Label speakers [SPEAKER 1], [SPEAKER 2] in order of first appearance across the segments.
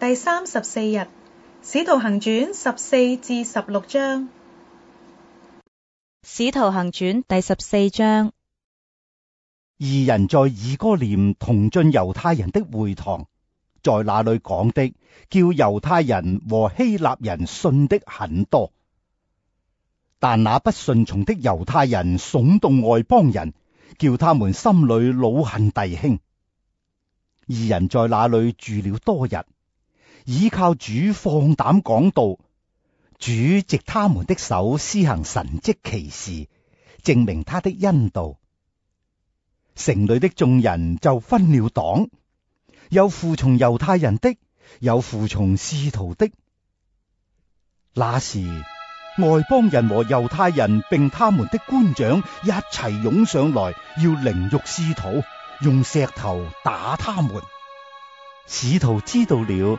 [SPEAKER 1] 第
[SPEAKER 2] 三十四日，《使徒行傳》十四至十六章，《使徒行傳》第十四章。
[SPEAKER 3] 二人在以哥念同進猶太人的會堂，在那裏講的，叫猶太人和希臘人信的很多。但那不順從的猶太人慫動外邦人，叫他們心裏老恨弟兄。二人在那裏住了多日。依靠主放膽講道，主藉他們的手施行神迹奇事，證明他的恩道。城裏的眾人就分了黨，有服從猶太人的，有服從使徒的。那時外邦人和猶太人並他們的官長一齊湧上來，要凌辱使徒，用石頭打他們。使徒知道了。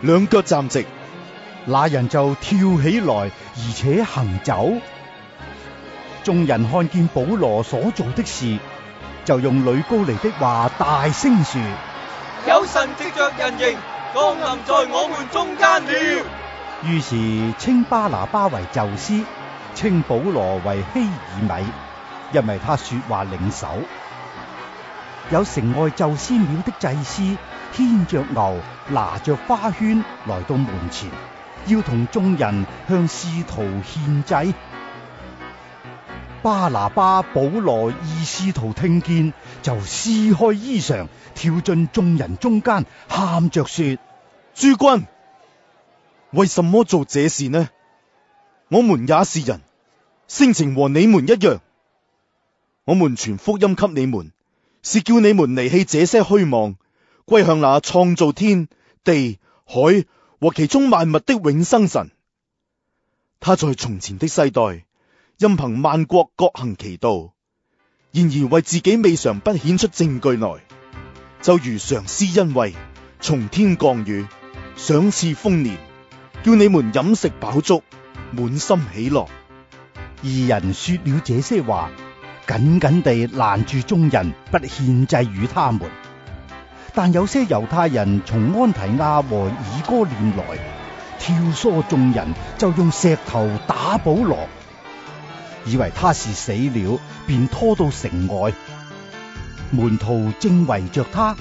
[SPEAKER 3] 兩腳站直，那人就跳起來，而且行走。眾人看見保羅所做的事，就用呂高尼的話大聲說：
[SPEAKER 1] 有神藉着人形
[SPEAKER 2] 降臨在我們中間了。
[SPEAKER 3] 於是稱巴拿巴為宙斯，稱保羅為希耳米，因為他說話領首。有城外宙斯廟的祭司牽着牛，拿着花圈來到門前，要同眾人向使徒獻祭。巴拿巴、保羅二使徒聽見，就撕開衣裳，跳進眾人中間，喊着說：諸君，為什麼做這事呢？我們
[SPEAKER 2] 也是人，性情和你們一樣，我們傳福音給你們。是叫你們離棄這些虛妄，歸向那創造天地海和其中萬物的永生神。他在從前的世代任憑萬國各行其道，然而為自己未嘗不顯出證據來。就如常施恩惠，從天降雨，
[SPEAKER 3] 賞賜豐年，叫你們飲食飽足，滿心喜樂。二人說了這些話。緊緊地攔住眾人，不獻祭與他們。但有些猶太人從安提亞和以哥念來，挑唆眾人，就用石頭打保羅，以為他是死了，便拖到城外。門徒正圍着他，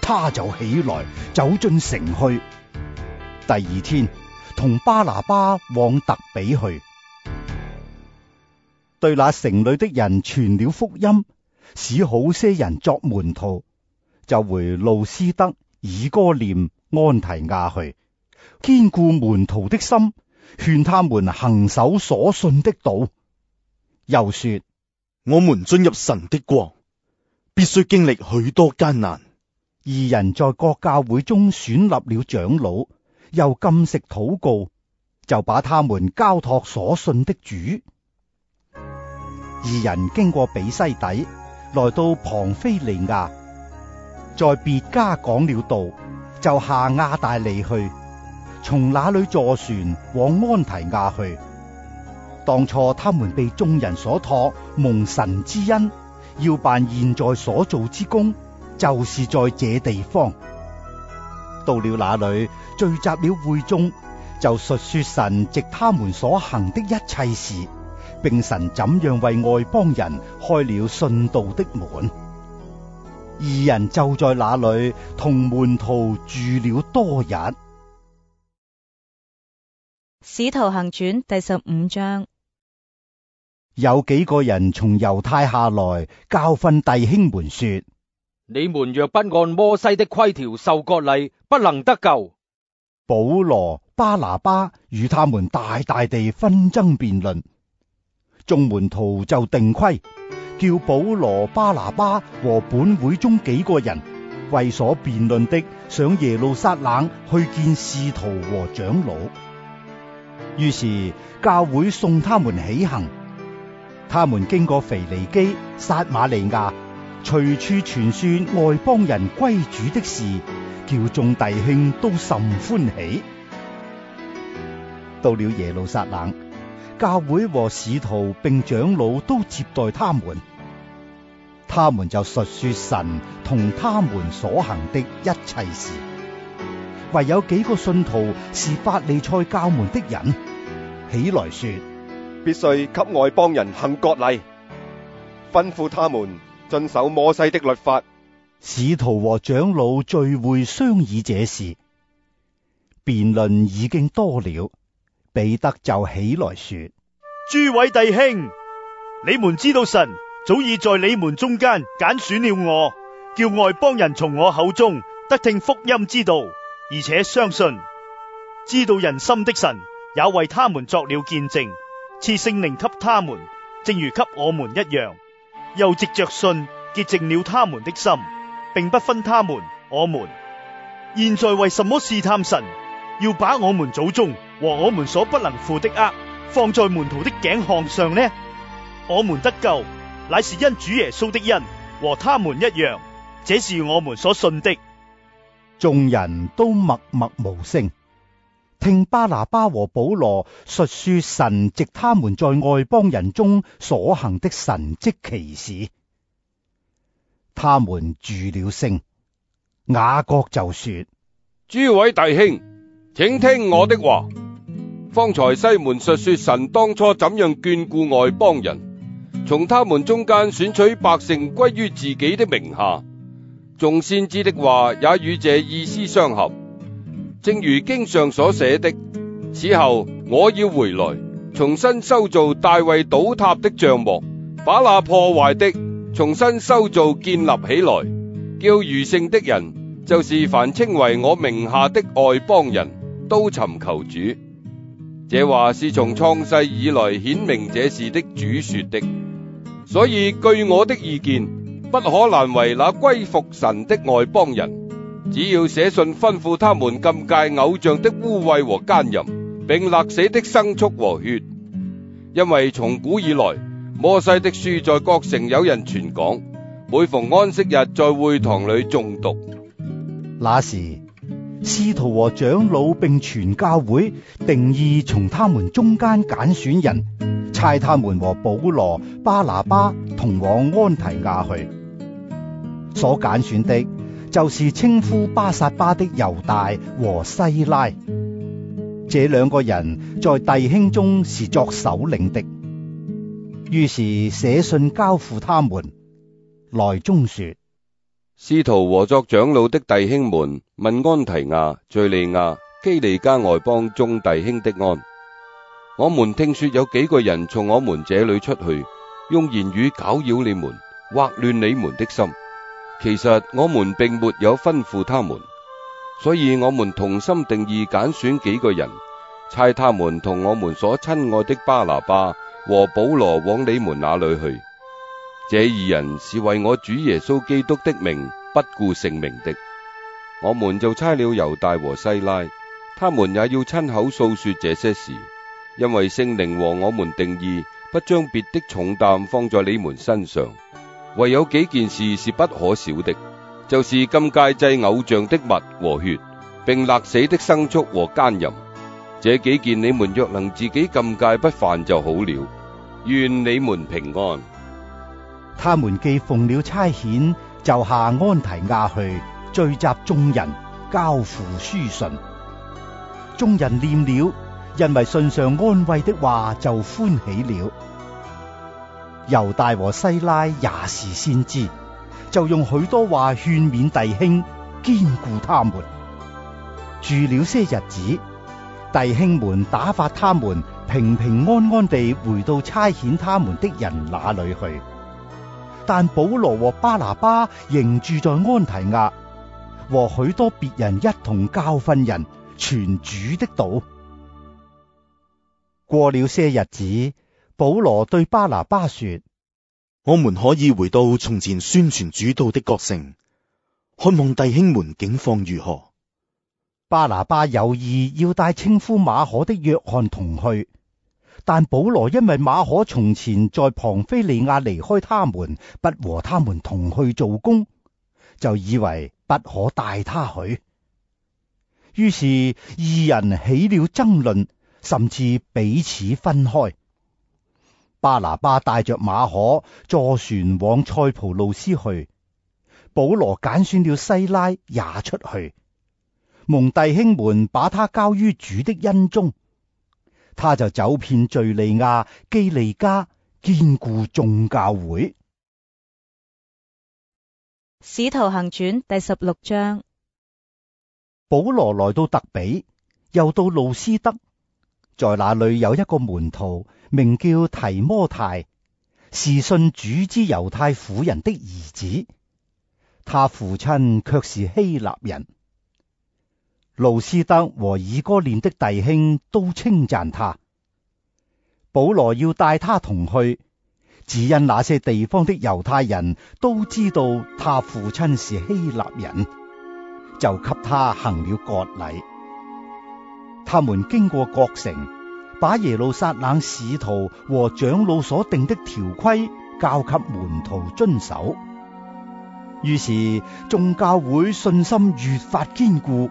[SPEAKER 3] 他就起來走進城去。第二天同巴拿巴往特比去。對那城裏的人傳了福音，使好些人作門徒，就回路斯德、以哥念、安提亞去，堅固門徒的心，勸他們行守所信的道。又說：我們進入神的國，必須經歷許多艱難。二人在各教會中選立了長老，又禁食禱告，就把他們交託所信的主。二人經過比西底，來到龐菲利亞，在別家講了道，就下亞大利去，從那裡坐船往安提亞去。當初他們被眾人所託蒙神之恩，要辦現在所做之功，就是在這地方。到了那裡，聚集了會眾，就述說神藉他們所行的一切事。並神怎樣為外邦人開了信道的門。二人就在那裏同門徒住了多日。
[SPEAKER 2] 《使徒行傳》第十五章。
[SPEAKER 3] 有幾個人從猶太下來，教訓弟兄們說：
[SPEAKER 2] 你們若不按摩西的規條受割禮，不能得救。
[SPEAKER 3] 保羅、巴拿巴與他們大大地紛爭辯論。眾門徒就定規，叫保羅、巴拿巴和本會中幾個人為所辯論的，上耶路撒冷去見使徒和長老。於是教會送他們起行。他們經過腓尼基、撒馬利亞，隨處傳說外邦人歸主的事，叫眾弟兄都甚歡喜。到了耶路撒冷。教會和使徒並長老都接待他們，他們就述說神同他們所行的一切事。唯有幾個信徒是法利賽教門的人，起來說：
[SPEAKER 1] 必須給外邦人行割禮，吩咐他們遵守摩西的律法。
[SPEAKER 3] 使徒和長老聚會商議這事，辯論已經多了。彼得就起來說：諸位
[SPEAKER 2] 弟兄，你們知道神早已在你們中間揀選了我，叫外邦人從我口中得聽福音之道，而且相信。知道人心的神也為他們作了見證，賜聖靈給他們，正如給我們一樣。又藉着信潔淨了他們的心，並不分他們。我們現在為什麼試探神，要把我們祖宗和我們所不能負的軛，放在門徒的頸項上呢？我們得救，乃是因主耶穌的恩，和他們一樣。這是我們所信的。
[SPEAKER 3] 眾人都默默無聲，聽巴拿巴和保羅述說神藉他們在外邦人中所行的神迹奇事。他們住了聲，雅各就說：
[SPEAKER 1] 諸位弟兄，請聽我的話。嗯方才西門述說神當初怎樣眷顧外邦人，從他們中間選取百姓歸於自己的名下。眾先知的話也與這意思相合，正如經上所寫的：此後我要回來，重新修造大衛倒塌的帳幕，把那破壞的重新修造建立起來，叫餘剩的人，就是凡稱為我名下的外邦人都尋求主。這話是從創世以來顯明這事的主說的，所以據我的意見，不可難為那歸服神的外邦人，只要寫信吩咐他們禁戒偶像的污穢和奸淫，並勒死的牲畜和血，因為從古以來，摩西的書在各城有人傳講，每逢安息日在會堂裡誦讀。
[SPEAKER 3] 那時。司徒和長老並全教會定義從他們中間揀選人，差他們和保羅、巴拿巴同往安提亞去。所揀選的就是稱呼巴撒巴的猶大和西拉，這兩個人在弟兄中是作首領的。於是寫信交付他們，內中說。
[SPEAKER 1] 使徒和作長老的弟兄們問安提亞、敘利亞、基利家外邦眾弟兄的安。我們聽說有幾個人從我們這裏出去，用言語攪擾你們，惑亂你們的心。其實我們並沒有吩咐他們，所以我們同心定意揀選幾個人，差他們同我們所親愛的巴拿巴和保羅往你們那裏去。這二人是為我主耶穌基督的名。不顧性命的，我們就差了猶大和西拉，他們也要親口訴說這些事，因為聖靈和我們定意不將別的重擔放在你們身上，唯有幾件事是不可少的，就是禁戒祭偶像的物和血，並勒死的牲畜和奸淫，這幾件你們若能自己禁戒不犯就好了。願你們平安。
[SPEAKER 3] 他們既奉了差遣。就下安提亞去聚集眾人交付書信，眾人念了，因為信上安慰的話就歡喜了。猶大和西拉也是先知，就用許多話勸勉弟兄，堅固他們。住了些日子，弟兄們打發他們平平安安地回到差遣他們的人那裏去。但保羅和巴拿巴仍住在安提亞，和許多別人一同教訓人，傳主的道。過了些日子，保羅對巴拿巴說：我們可以回到從前宣傳主道的國城，看望弟兄們境況如何。巴拿巴有意要帶稱呼馬可的約翰同去。但保羅因為馬可從前在龐菲利亞離開他們，不和他們同去做工，就以為不可帶他去。於是二人起了爭論，甚至彼此分開。巴拿巴帶着馬可坐船往塞浦路斯去，保羅揀選了西拉也出去，蒙弟兄們把他交於主的恩中。他就走遍敘利亞、基利加，堅固眾教會。
[SPEAKER 2] 使徒行傳第十六章。
[SPEAKER 3] 保羅來到特比，又到路斯德，在那裏有一個門徒，名叫提摩太，是信主之猶太婦人的兒子，他父親卻是希臘人。路司得和以哥念的弟兄都稱讚他。保羅要帶他同去，只因那些地方的猶太人都知道他父親是希臘人，就給他行了割禮。他們經過各城，把耶路撒冷使徒和長老所定的條規交給門徒遵守。於是眾教會信心越發堅固。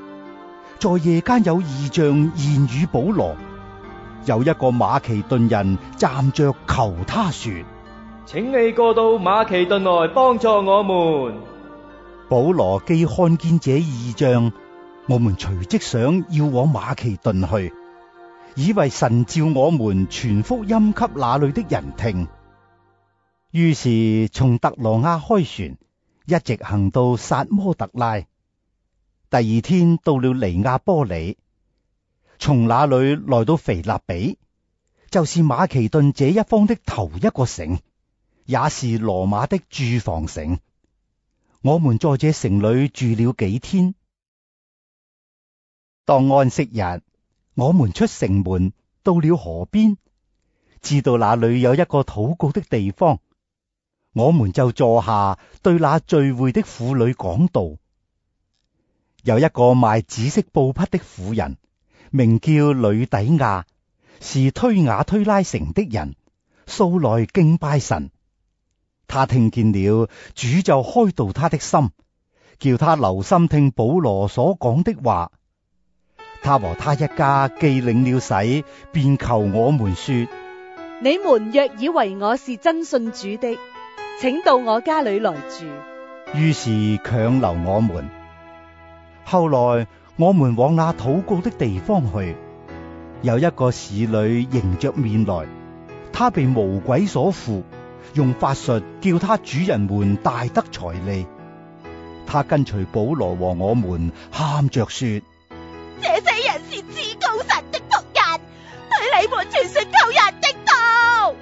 [SPEAKER 3] 在夜間有異象現與保羅，有一個馬其頓人站着求他說：
[SPEAKER 1] 請
[SPEAKER 2] 你過到馬其頓來幫助我們。
[SPEAKER 3] 保羅既看見這異象，我們隨即想要往馬其頓去，以為神召我們傳福音給那裏的人聽。於是從特羅亞開船，一直行到撒摩特拉。第二天到了尼亞波里，從那裏來到腓立比，就是馬其頓這一方的頭一個城，也是羅馬的駐防城。我們在這城裏住了幾天。當安息日，我們出城門到了河邊，知道那裏有一個禱告的地方，我們就坐下，對那聚會的婦女講道。有一個賣紫色布匹的婦人，名叫呂底亞，是推瓦推拉城的人，素來敬拜神。他聽見了主就開導他的心，叫他留心聽保羅所講的話。他和他一家既領了洗，便求我們說：
[SPEAKER 2] 你們若以為我是真信主的，
[SPEAKER 1] 請到我家裏來住。
[SPEAKER 3] 於是強留我們。後來我們往那禱告的地方去，有一個侍女，迎着面來，她被無鬼所附，用法術叫她主人們大得財利。他跟隨保羅和我們喊着說：
[SPEAKER 2] 這些人是至高神的僕人，對你們傳說救人的道。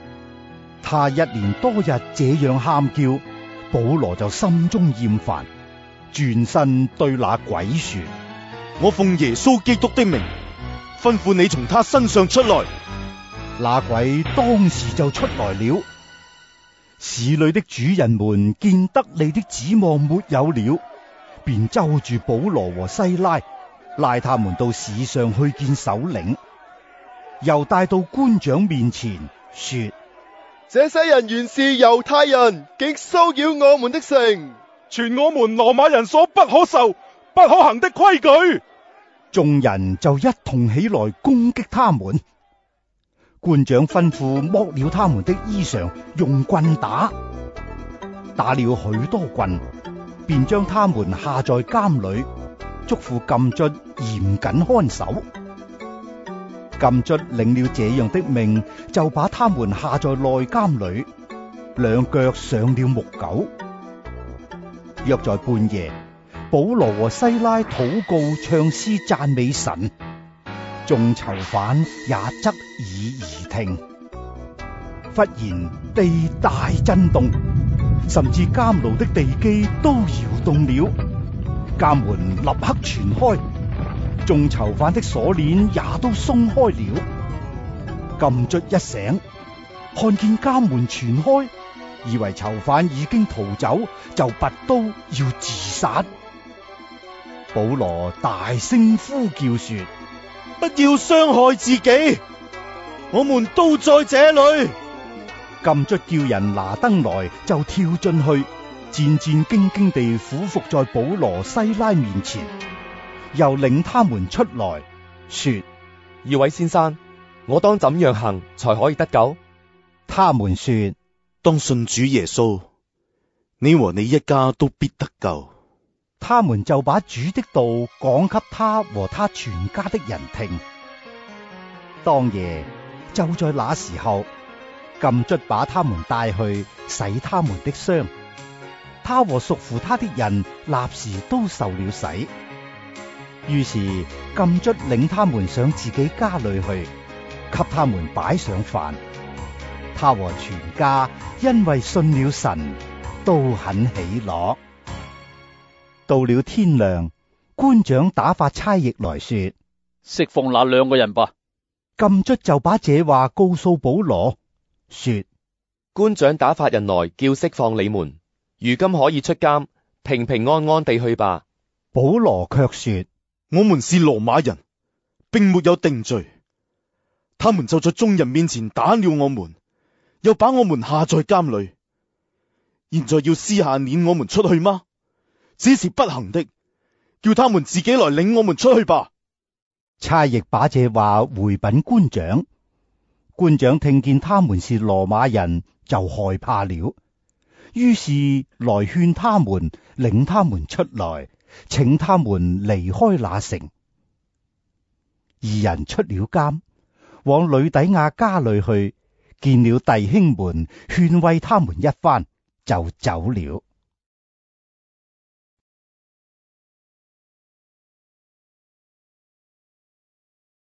[SPEAKER 3] 他一連多日這樣喊叫，保羅就心中厭煩。轉身對那鬼說：我奉耶穌基督的名，吩咐你從他身上出來。那鬼當時就出來了。市裏的主人們見得利的指望沒有了，便揪住保羅和西拉，拉他們到市上去見首領，又帶到官長面前說：這些人原是猶
[SPEAKER 2] 太人，竟騷擾我們的城。傳我們羅馬人所不可受、
[SPEAKER 3] 不可行的規矩，眾人就一同起來攻擊他們。官長吩咐剝了他們的衣裳，用棍打，打了許多棍，便將他們下在監裏，囑咐禁卒嚴謹看守。禁卒領了這樣的命，就把他們下在內監裏，兩腳上了木狗。約在半夜，保羅和西拉禱告、唱詩、讚美神，眾囚犯也側耳而聽。忽然地大震動，甚至監牢的地基都搖動了，監門立刻全開，眾囚犯的鎖鏈也都鬆開了。禁卒一醒，看見監門全開。以為囚犯已經逃走，就拔刀要自殺。保羅大聲呼叫說：不要傷害自己，我們都在這裏。禁卒叫人拿燈來，就跳進去，戰戰兢兢地俯伏，伏在保羅西拉面前，又領他們出來，說：二位先生，我當怎樣行才可以得救？他們說。當信主耶穌，你和你一家都必得救。他們就把主的道講給他和他全家的人聽。當夜，就在那時候，禁卒把他們帶去洗他們的傷，他和屬乎他的人立時都受了洗。於是禁卒領他們上自己家裏去，給他們擺上飯。他和全家因為信了神都很喜樂。到了天亮，官長打發差役來說：
[SPEAKER 2] 釋放那兩個人吧。
[SPEAKER 3] 禁卒就把這話告訴保羅，說：官長打發人來
[SPEAKER 2] 叫釋放你們，如今可以出監，平平安安地去吧。保羅卻說：我們是羅馬人，並沒有定罪，他們就在眾人面前打了我們。又把我們下在監裏，現在要私下攆我們出去嗎？這是不行的，
[SPEAKER 3] 叫他們自己
[SPEAKER 2] 來領我們出去吧。
[SPEAKER 3] 差役把這話回稟官長，官長聽見他們是羅馬人就害怕了，於是來勸他們，領他們出來，請他們離開那城。二人出了監，往呂底亞家裏去。見了弟兄們，勸慰他們一番，就走了。